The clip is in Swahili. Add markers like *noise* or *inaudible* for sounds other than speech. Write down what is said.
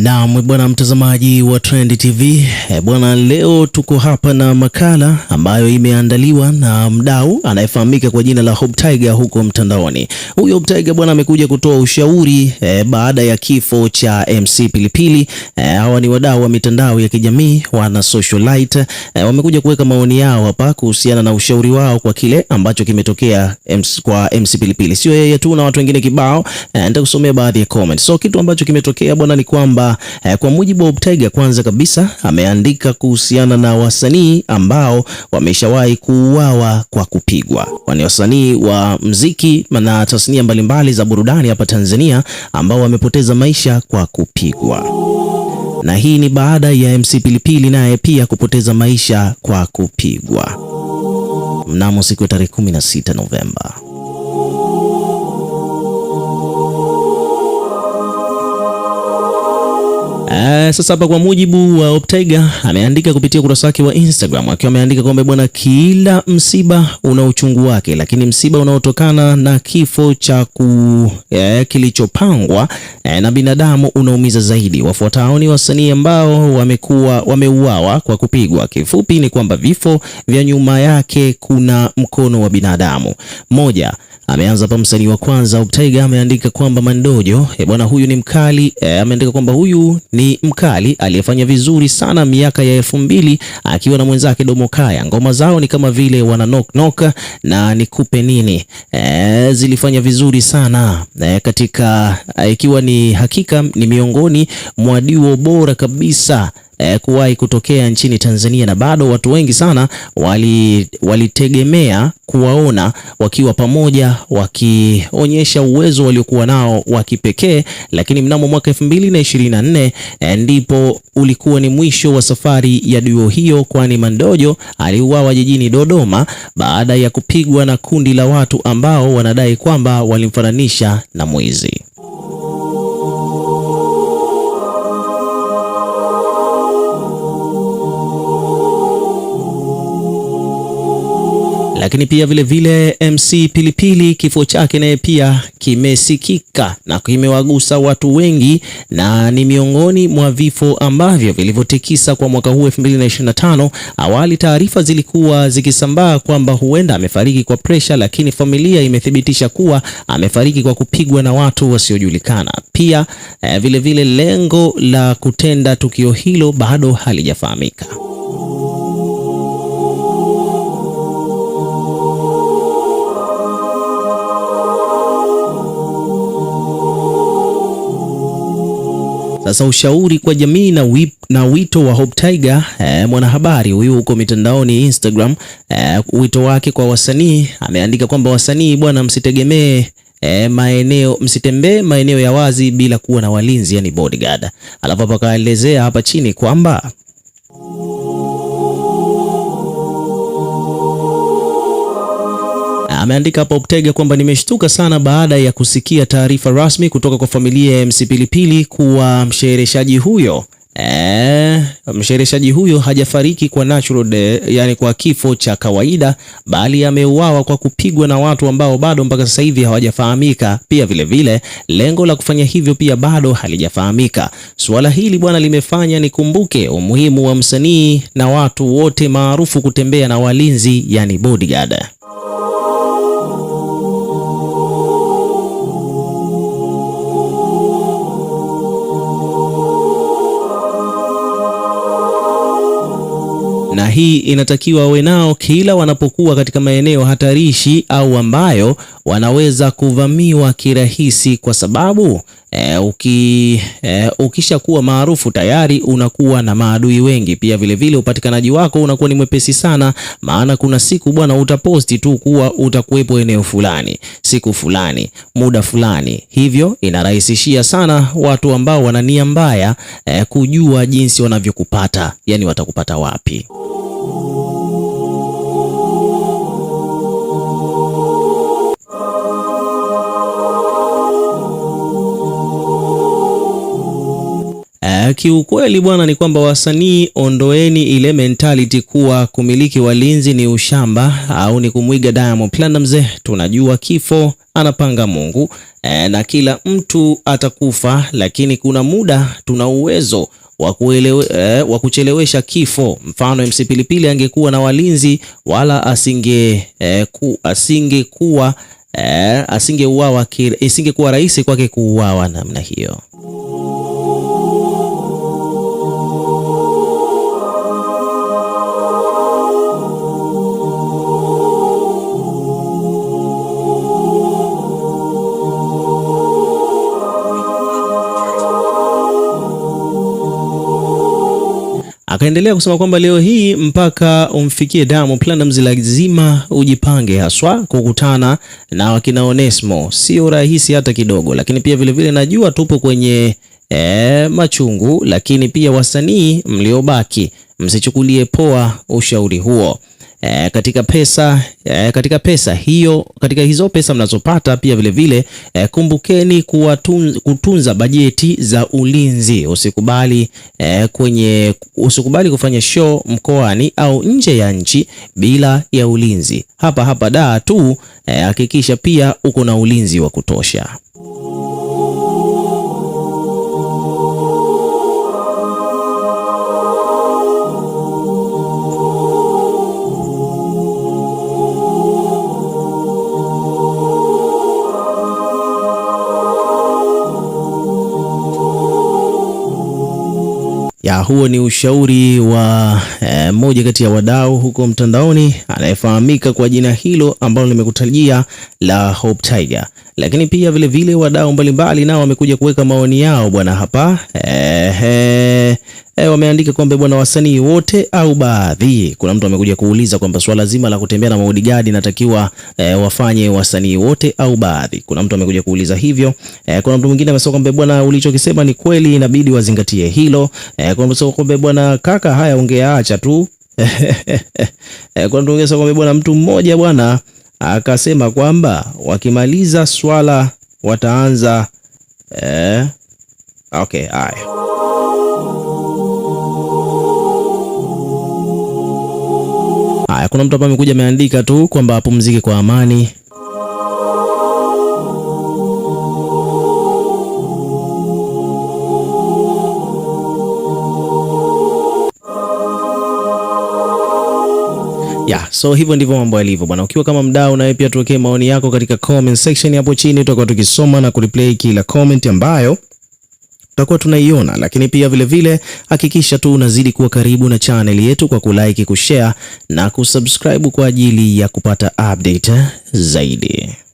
Naam bwana mtazamaji wa Trend TV eh, bwana, leo tuko hapa na makala ambayo imeandaliwa na mdau anayefahamika kwa jina la Hope Tiger huko mtandaoni. Huyo Hope Tiger bwana amekuja kutoa ushauri e, baada ya kifo cha MC Pilipili. Eh, hawa e, ni wadau wa mitandao ya kijamii wana socialite e, wamekuja kuweka maoni yao hapa kuhusiana na ushauri wao kwa kile ambacho kimetokea MC, kwa MC Pilipili. Sio yeye tu na watu wengine kibao. E, nitakusomea baadhi ya comments. So kitu ambacho kimetokea bwana ni kwamba eh, kwa mujibu wa Optaiga, kwanza kabisa ameandika kuhusiana na wasanii ambao wameshawahi kuuawa kwa kupigwa, kwani wasanii wa mziki na tasnia mbalimbali za burudani hapa Tanzania ambao wamepoteza maisha kwa kupigwa na hii ni baada ya MC Pilipili naye pia kupoteza maisha kwa kupigwa mnamo siku ya tarehe 16 Novemba. sasa hapa kwa mujibu wa Optaiga ameandika kupitia ukurasa wake wa Instagram akiwa ameandika kwamba bwana, kila msiba una uchungu wake, lakini msiba unaotokana na kifo cha ku eh, kilichopangwa e, na binadamu unaumiza zaidi. Wafuatao ni wasanii ambao wamekuwa wameuawa kwa kupigwa. Kifupi ni kwamba vifo vya nyuma yake kuna mkono wa binadamu. Moja, ameanza hapa msanii wa kwanza Optaiga ameandika kwamba Mandojo, e, bwana huyu ni mkali e, ameandika kwamba huyu ni mkali mkali aliyefanya vizuri sana miaka ya elfu mbili akiwa na mwenzake Domokaya. Ngoma zao ni kama vile wana knock knock na nikupe nini e, zilifanya vizuri sana e, katika e, ikiwa ni hakika ni miongoni mwa duo bora kabisa eh, kuwahi kutokea nchini Tanzania, na bado watu wengi sana walitegemea wali kuwaona wakiwa pamoja wakionyesha uwezo waliokuwa nao wa kipekee, lakini mnamo mwaka 2024 eh, ndipo ulikuwa ni mwisho wa safari ya duo hiyo, kwani Mandojo aliuawa jijini Dodoma baada ya kupigwa na kundi la watu ambao wanadai kwamba walimfananisha na mwizi. Lakini pia vile vile MC Pilipili kifo chake naye pia kimesikika na kimewagusa watu wengi, na ni miongoni mwa vifo ambavyo vilivyotikisa kwa mwaka huu 2025. Awali taarifa zilikuwa zikisambaa kwamba huenda amefariki kwa presha, lakini familia imethibitisha kuwa amefariki kwa kupigwa na watu wasiojulikana. Pia vilevile eh, vile vile lengo la kutenda tukio hilo bado halijafahamika. Sasa ushauri kwa jamii na, wip, na wito wa Hope Tiger eh, mwanahabari huyu huko mitandaoni Instagram eh, wito wake kwa wasanii ameandika kwamba wasanii bwana, msitegemee E, maeneo msitembee maeneo ya wazi bila kuwa na walinzi, yani bodyguard. Alafu hapa akaelezea hapa chini kwamba ameandika hapo Oktega kwamba nimeshtuka sana baada ya kusikia taarifa rasmi kutoka kwa familia ya MC Pilipili kuwa mshereheshaji huyo E, eh, mshereheshaji huyo hajafariki kwa natural de, yani kwa kifo cha kawaida bali ameuawa kwa kupigwa na watu ambao bado mpaka sasa hivi hawajafahamika. Pia vilevile vile, lengo la kufanya hivyo pia bado halijafahamika. Suala hili bwana, limefanya nikumbuke umuhimu wa msanii na watu wote maarufu kutembea na walinzi, yani bodyguard. na hii inatakiwa wawe nao kila wanapokuwa katika maeneo hatarishi au ambayo wanaweza kuvamiwa kirahisi, kwa sababu E, uki, e, ukisha kuwa maarufu tayari unakuwa na maadui wengi pia vile vile, upatikanaji wako unakuwa ni mwepesi sana, maana kuna siku bwana utaposti tu kuwa utakuwepo eneo fulani siku fulani muda fulani, hivyo inarahisishia sana watu ambao wana nia mbaya e, kujua jinsi wanavyokupata, yani watakupata wapi. kiukweli bwana, ni kwamba wasanii, ondoeni ile mentality kuwa kumiliki walinzi ni ushamba au ni kumwiga Diamond Platnumz. Tunajua kifo anapanga Mungu e, na kila mtu atakufa, lakini kuna muda tuna uwezo wa eh, kuchelewesha kifo. Mfano, MC Pilipili angekuwa na walinzi wala asinge e, ku, asingekuwa e, asingeuawa, isingekuwa rahisi kwake kuuawa namna hiyo. anaendelea kusema kwamba leo hii mpaka umfikie Diamond Platnumz lazima ujipange, haswa kukutana na wakina Onesmo sio rahisi hata kidogo, lakini pia vilevile vile najua tupo kwenye e, machungu, lakini pia wasanii mliobaki msichukulie poa ushauri huo eh, katika pesa eh, katika pesa hiyo, katika hizo pesa mnazopata pia vile vile eh, kumbukeni kuwatunza, kutunza bajeti za ulinzi. Usikubali eh, kwenye usikubali kufanya show mkoani au nje ya nchi bila ya ulinzi. Hapa hapa daa tu, eh, hakikisha eh, pia uko na ulinzi wa kutosha. ya huo ni ushauri wa eh, mmoja e, kati ya wadau huko mtandaoni anayefahamika kwa jina hilo ambalo nimekutajia la Hope Tiger lakini pia vile vile wadau mbalimbali nao wamekuja kuweka maoni yao bwana hapa ehe. E, wameandika kwamba bwana, wasanii wote au baadhi. Kuna mtu amekuja kuuliza kwamba swala zima la kutembea na mabodigadi natakiwa e, wafanye wasanii wote au baadhi. Kuna mtu amekuja kuuliza hivyo e. Kuna mtu mwingine amesema kwamba bwana, ulichokisema ni kweli, inabidi wazingatie hilo e. Kuna mtu amesema kwamba bwana, kaka, haya ungeacha tu *laughs* e, kuna mtu mwingine amesema kwamba bwana, mtu mmoja bwana akasema kwamba wakimaliza swala wataanza eh, okay, haya Aya, kuna mtu hapa amekuja ameandika tu kwamba apumzike kwa amani. yeah, so hivyo ndivyo mambo yalivyo bwana. Ukiwa kama mdau, nawe pia tuwekee maoni yako katika comment section hapo chini, tutakuwa tukisoma na kureplay kila comment ambayo tutakuwa tunaiona, lakini pia vilevile vile, hakikisha tu unazidi kuwa karibu na channel yetu kwa kulike, kushare na kusubscribe kwa ajili ya kupata update zaidi.